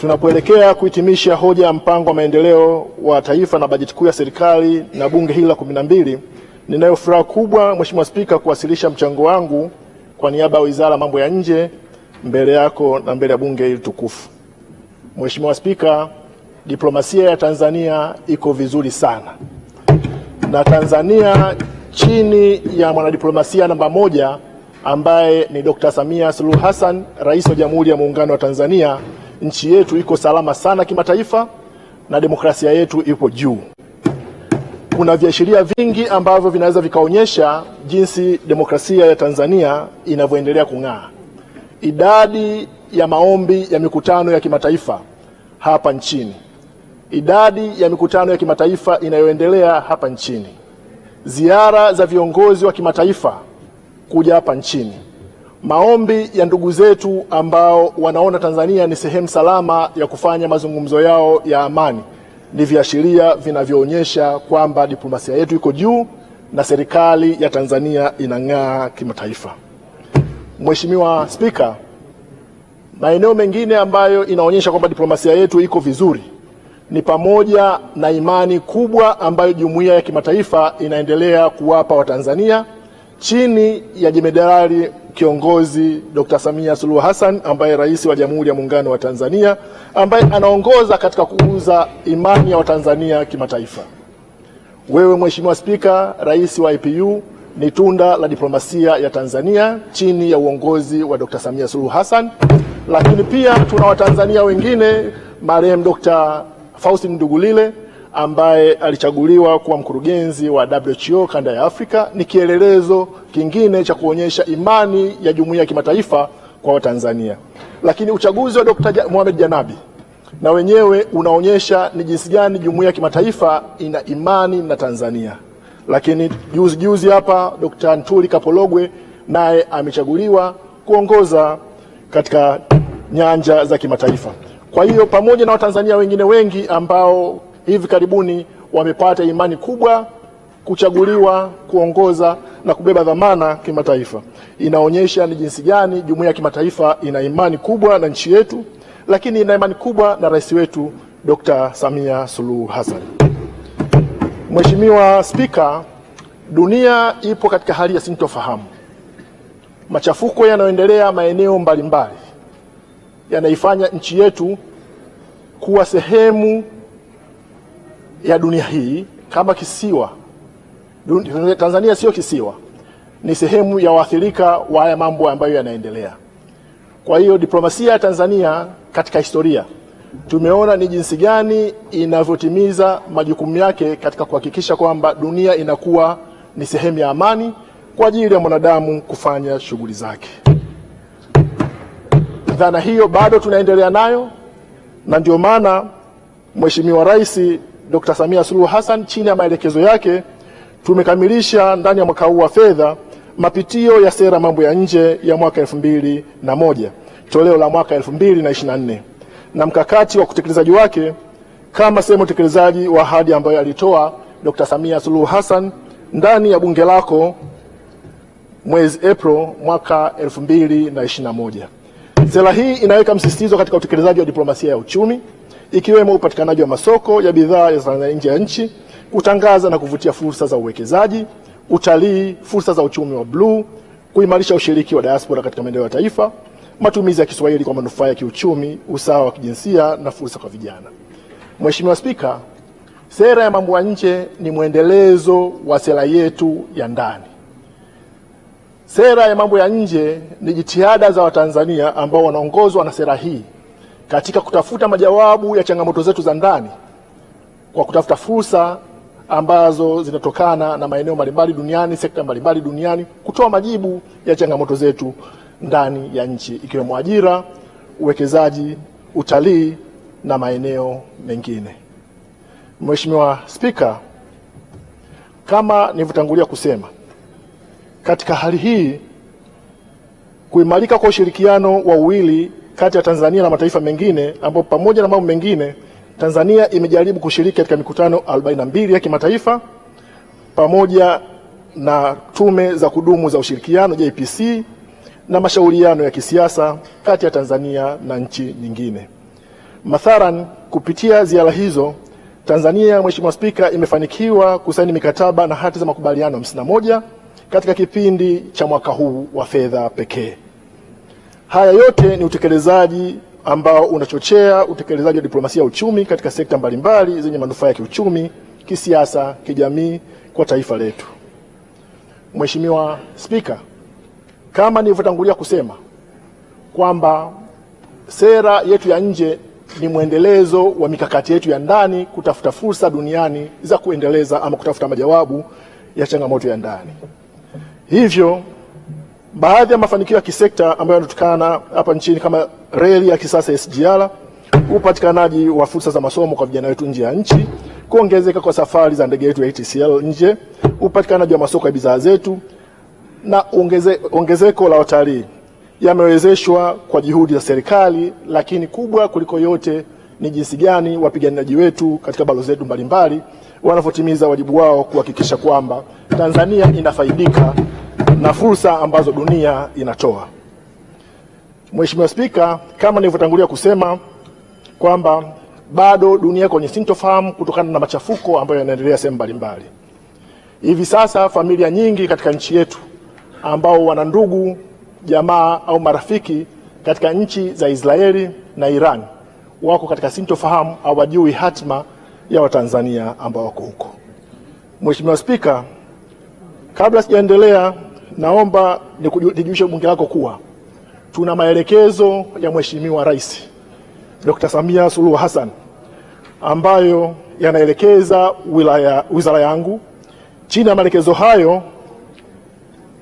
Tunapoelekea kuhitimisha hoja ya mpango wa maendeleo wa taifa na bajeti kuu ya serikali na bunge hili la kumi na mbili, ninayo furaha kubwa Mheshimiwa Spika, kuwasilisha mchango wangu kwa niaba ya Wizara ya Mambo ya Nje mbele yako na mbele ya bunge hili tukufu. Mheshimiwa Spika, diplomasia ya Tanzania iko vizuri sana na Tanzania chini ya mwanadiplomasia namba moja ambaye ni Dr. Samia Suluhu Hassan, Rais wa Jamhuri ya Muungano wa Tanzania nchi yetu iko salama sana kimataifa na demokrasia yetu ipo juu. Kuna viashiria vingi ambavyo vinaweza vikaonyesha jinsi demokrasia ya Tanzania inavyoendelea kung'aa. Idadi ya maombi ya mikutano ya kimataifa hapa nchini, idadi ya mikutano ya kimataifa inayoendelea hapa nchini, ziara za viongozi wa kimataifa kuja hapa nchini maombi ya ndugu zetu ambao wanaona Tanzania ni sehemu salama ya kufanya mazungumzo yao ya amani ni viashiria vinavyoonyesha kwamba diplomasia yetu iko juu na serikali ya Tanzania inang'aa kimataifa. Mheshimiwa Spika, maeneo mengine ambayo inaonyesha kwamba diplomasia yetu iko vizuri ni pamoja na imani kubwa ambayo jumuiya ya kimataifa inaendelea kuwapa Watanzania chini ya Jemadari kiongozi Dr. Samia Suluhu Hassan ambaye rais wa Jamhuri ya Muungano wa Tanzania ambaye anaongoza katika kuuza imani ya Watanzania kimataifa. Wewe Mheshimiwa Spika, rais wa IPU ni tunda la diplomasia ya Tanzania chini ya uongozi wa Dr. Samia Suluhu Hassan, lakini pia tuna Watanzania wengine marehemu Dr. Faustin Ndugulile ambaye alichaguliwa kuwa mkurugenzi wa WHO kanda ya Afrika ni kielelezo kingine cha kuonyesha imani ya jumuiya ya kimataifa kwa Watanzania. Lakini uchaguzi wa Dr. Mohamed Janabi na wenyewe unaonyesha ni jinsi gani jumuiya ya kimataifa ina imani na Tanzania. Lakini juzi juzi hapa Dr. Ntuli Kapologwe naye amechaguliwa kuongoza katika nyanja za kimataifa. Kwa hiyo pamoja na Watanzania wengine wengi ambao hivi karibuni wamepata imani kubwa kuchaguliwa kuongoza na kubeba dhamana kimataifa. Inaonyesha ni jinsi gani jumuiya ya kimataifa ina imani kubwa na nchi yetu, lakini ina imani kubwa na rais wetu Dkt. Samia Suluhu Hassan. Mheshimiwa Spika, dunia ipo katika hali ya sintofahamu. Machafuko yanayoendelea maeneo mbalimbali yanaifanya nchi yetu kuwa sehemu ya dunia hii kama kisiwa. Tanzania sio kisiwa, ni sehemu ya waathirika wa haya mambo ambayo yanaendelea. Kwa hiyo diplomasia ya Tanzania katika historia tumeona ni jinsi gani inavyotimiza majukumu yake katika kuhakikisha kwamba dunia inakuwa ni sehemu ya amani kwa ajili ya mwanadamu kufanya shughuli zake. Dhana hiyo bado tunaendelea nayo, na ndio maana Mheshimiwa Rais Dr. Samia Suluhu Hassan chini ya maelekezo yake tumekamilisha ndani ya mwaka huu wa fedha mapitio ya sera mambo ya nje ya mwaka moja toleo la mwaka mbili na mkakati wa utekelezaji wake kama sehemu utekelezaji wa ahadi ambayo alitoa Dr. Samia Suluhu Hassan ndani ya bunge lako mwezi April mwaka moja. Sera hii inaweka msisitizo katika utekelezaji wa diplomasia ya uchumi ikiwemo upatikanaji wa masoko ya bidhaa za nje ya nchi, kutangaza na kuvutia fursa za uwekezaji, utalii, fursa za uchumi wa bluu, kuimarisha ushiriki wa diaspora katika maendeleo ya taifa, matumizi ya Kiswahili kwa manufaa ya kiuchumi, usawa wa kijinsia na fursa kwa vijana. Mheshimiwa Spika, sera ya mambo ya nje ni mwendelezo wa sera yetu ya ndani. Sera ya mambo ya nje ni jitihada za Watanzania ambao wanaongozwa na sera hii katika kutafuta majawabu ya changamoto zetu za ndani kwa kutafuta fursa ambazo zinatokana na maeneo mbalimbali duniani, sekta mbalimbali duniani, kutoa majibu ya changamoto zetu ndani ya nchi ikiwemo ajira, uwekezaji, utalii na maeneo mengine. Mheshimiwa Spika, kama nilivyotangulia kusema, katika hali hii kuimarika kwa ushirikiano wa uwili kati ya Tanzania na mataifa mengine, ambapo pamoja na mambo mengine Tanzania imejaribu kushiriki katika mikutano 42 ya kimataifa pamoja na tume za kudumu za ushirikiano JPC na mashauriano ya kisiasa kati ya Tanzania na nchi nyingine. Mathalan, kupitia ziara hizo Tanzania, Mheshimiwa Spika, imefanikiwa kusaini mikataba na hati za makubaliano 51 katika kipindi cha mwaka huu wa fedha pekee. Haya yote ni utekelezaji ambao unachochea utekelezaji wa diplomasia ya uchumi katika sekta mbalimbali zenye manufaa ya kiuchumi, kisiasa, kijamii kwa taifa letu. Mheshimiwa Spika, kama nilivyotangulia kusema kwamba sera yetu ya nje ni mwendelezo wa mikakati yetu ya ndani kutafuta fursa duniani za kuendeleza ama kutafuta majawabu ya changamoto ya ndani. Hivyo Baadhi ya mafanikio ya kisekta ambayo yanatokana hapa nchini kama reli ya kisasa SGR, upatikanaji wa fursa za masomo kwa vijana wetu nje ya nchi, kuongezeka kwa safari za ndege yetu ya ATCL nje, upatikanaji wa masoko ya bidhaa zetu na ongeze, ongezeko la watalii yamewezeshwa kwa juhudi za serikali, lakini kubwa kuliko yote ni jinsi gani wapiganaji wetu katika balozi zetu mbalimbali wanavyotimiza wajibu wao kuhakikisha kwamba Tanzania inafaidika na fursa ambazo dunia inatoa. Mheshimiwa Spika, kama nilivyotangulia kusema kwamba bado dunia kwenye sintofahamu kutokana na machafuko ambayo yanaendelea sehemu mbalimbali. Hivi sasa familia nyingi katika nchi yetu ambao wana ndugu, jamaa au marafiki katika nchi za Israeli na Iran wako katika sintofahamu, hawajui hatima ya Watanzania ambao wako huko. Mheshimiwa Spika, kabla sijaendelea naomba nijulishe bunge lako kuwa tuna maelekezo ya Mheshimiwa Rais Dr. Samia Suluhu Hassan ambayo yanaelekeza wilaya, wizara yangu. Chini ya maelekezo hayo,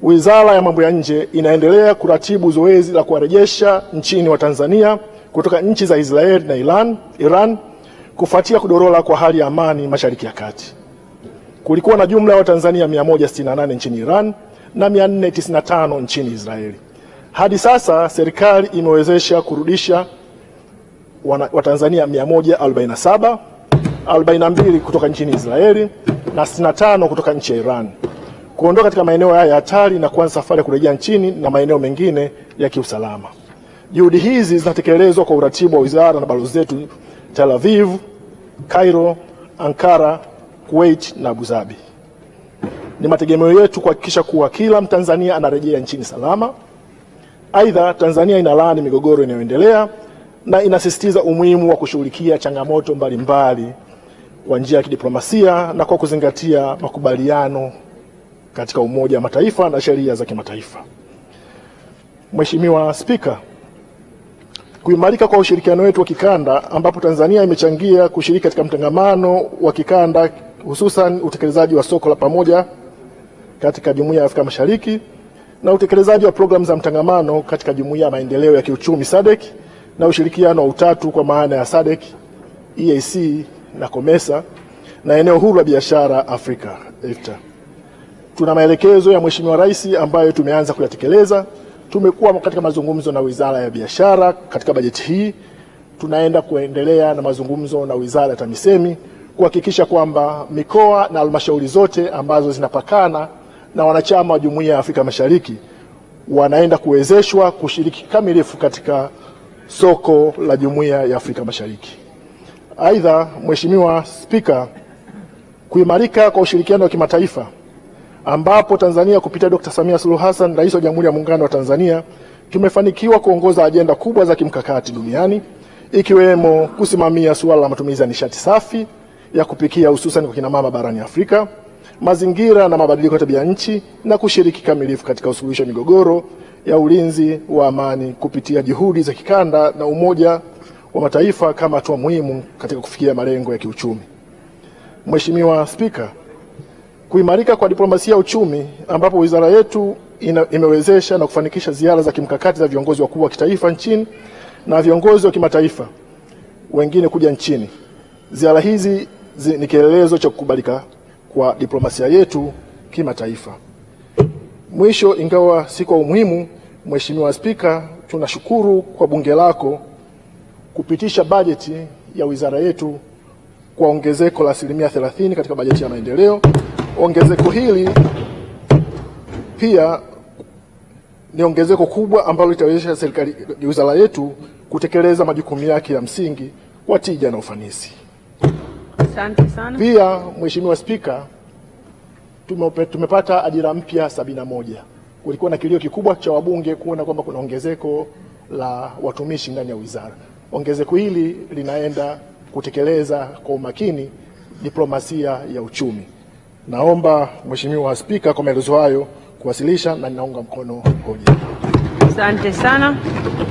Wizara ya Mambo ya Nje inaendelea kuratibu zoezi la kuwarejesha nchini Watanzania kutoka nchi za Israeli na Iran, Iran kufuatia kudorola kwa hali ya amani Mashariki ya Kati. Kulikuwa na jumla ya Watanzania 168 nchini Iran na 495 nchini Israeli. Hadi sasa serikali imewezesha kurudisha Watanzania 147, 42 kutoka nchini Israeli na 65 kutoka nchi ya Iran kuondoka katika maeneo haya hatari na kuanza safari ya kurejea nchini na maeneo mengine ya kiusalama. Juhudi hizi zinatekelezwa kwa uratibu wa wizara na balozi zetu Tel Aviv, Cairo, Ankara, Kuwait na Abu Dhabi. Ni mategemeo yetu kuhakikisha kuwa kila Mtanzania anarejea nchini salama. Aidha, Tanzania inalaani migogoro inayoendelea na inasisitiza umuhimu wa kushughulikia changamoto mbalimbali kwa njia ya kidiplomasia na kwa kuzingatia makubaliano katika Umoja wa Mataifa na sheria za kimataifa. Mheshimiwa Spika, kuimarika kwa ushirikiano wetu wa kikanda ambapo Tanzania imechangia kushiriki katika mtangamano wa kikanda hususan utekelezaji wa soko la pamoja katika Jumuiya ya Afrika Mashariki na utekelezaji wa programu za mtangamano katika Jumuiya ya Maendeleo ya Kiuchumi SADC na ushirikiano wa utatu kwa maana ya SADC, EAC na COMESA na eneo huru la biashara Afrika EFTA. Tuna maelekezo ya Mheshimiwa Rais ambayo tumeanza kuyatekeleza. Tumekuwa katika mazungumzo na Wizara ya Biashara katika bajeti hii. Tunaenda kuendelea na mazungumzo na Wizara ya TAMISEMI kuhakikisha kwamba mikoa na halmashauri zote ambazo zinapakana na wanachama wa Jumuiya ya Afrika Mashariki wanaenda kuwezeshwa kushiriki kikamilifu katika soko la Jumuiya ya Afrika Mashariki. Aidha, Mheshimiwa Spika, kuimarika kwa ushirikiano wa kimataifa ambapo Tanzania kupitia Dr. Samia Suluhu Hassan, Rais wa Jamhuri ya Muungano wa Tanzania, tumefanikiwa kuongoza ajenda kubwa za kimkakati duniani ikiwemo kusimamia suala la matumizi ya nishati safi ya kupikia hususan kwa kina mama barani Afrika mazingira na mabadiliko ya tabia nchi na kushiriki kamilifu katika usuluhisho wa migogoro ya ulinzi wa amani kupitia juhudi za kikanda na Umoja wa Mataifa kama hatua muhimu katika kufikia malengo ya kiuchumi. Mheshimiwa Spika, kuimarika kwa diplomasia ya uchumi ambapo wizara yetu ina, imewezesha na kufanikisha ziara za kimkakati za viongozi wakuu wa kitaifa nchini na viongozi wa kimataifa wengine kuja nchini. Ziara hizi zi, ni kielelezo cha kukubalika kwa diplomasia yetu kimataifa. Mwisho, ingawa si kwa umuhimu, Mheshimiwa Spika, tunashukuru kwa bunge lako kupitisha bajeti ya wizara yetu kwa ongezeko la asilimia 30 katika bajeti ya maendeleo. Ongezeko hili pia ni ongezeko kubwa ambalo litawezesha serikali, wizara yetu kutekeleza majukumu yake ya msingi kwa tija na ufanisi. Asante sana. Pia Mheshimiwa Spika, tumepata ajira mpya sabini na moja. Kulikuwa na kilio kikubwa cha wabunge kuona kwamba kuna ongezeko la watumishi ndani ya wizara. Ongezeko hili linaenda kutekeleza kwa umakini diplomasia ya uchumi. Naomba Mheshimiwa Spika, kwa maelezo hayo kuwasilisha na ninaunga mkono hoja. Asante sana.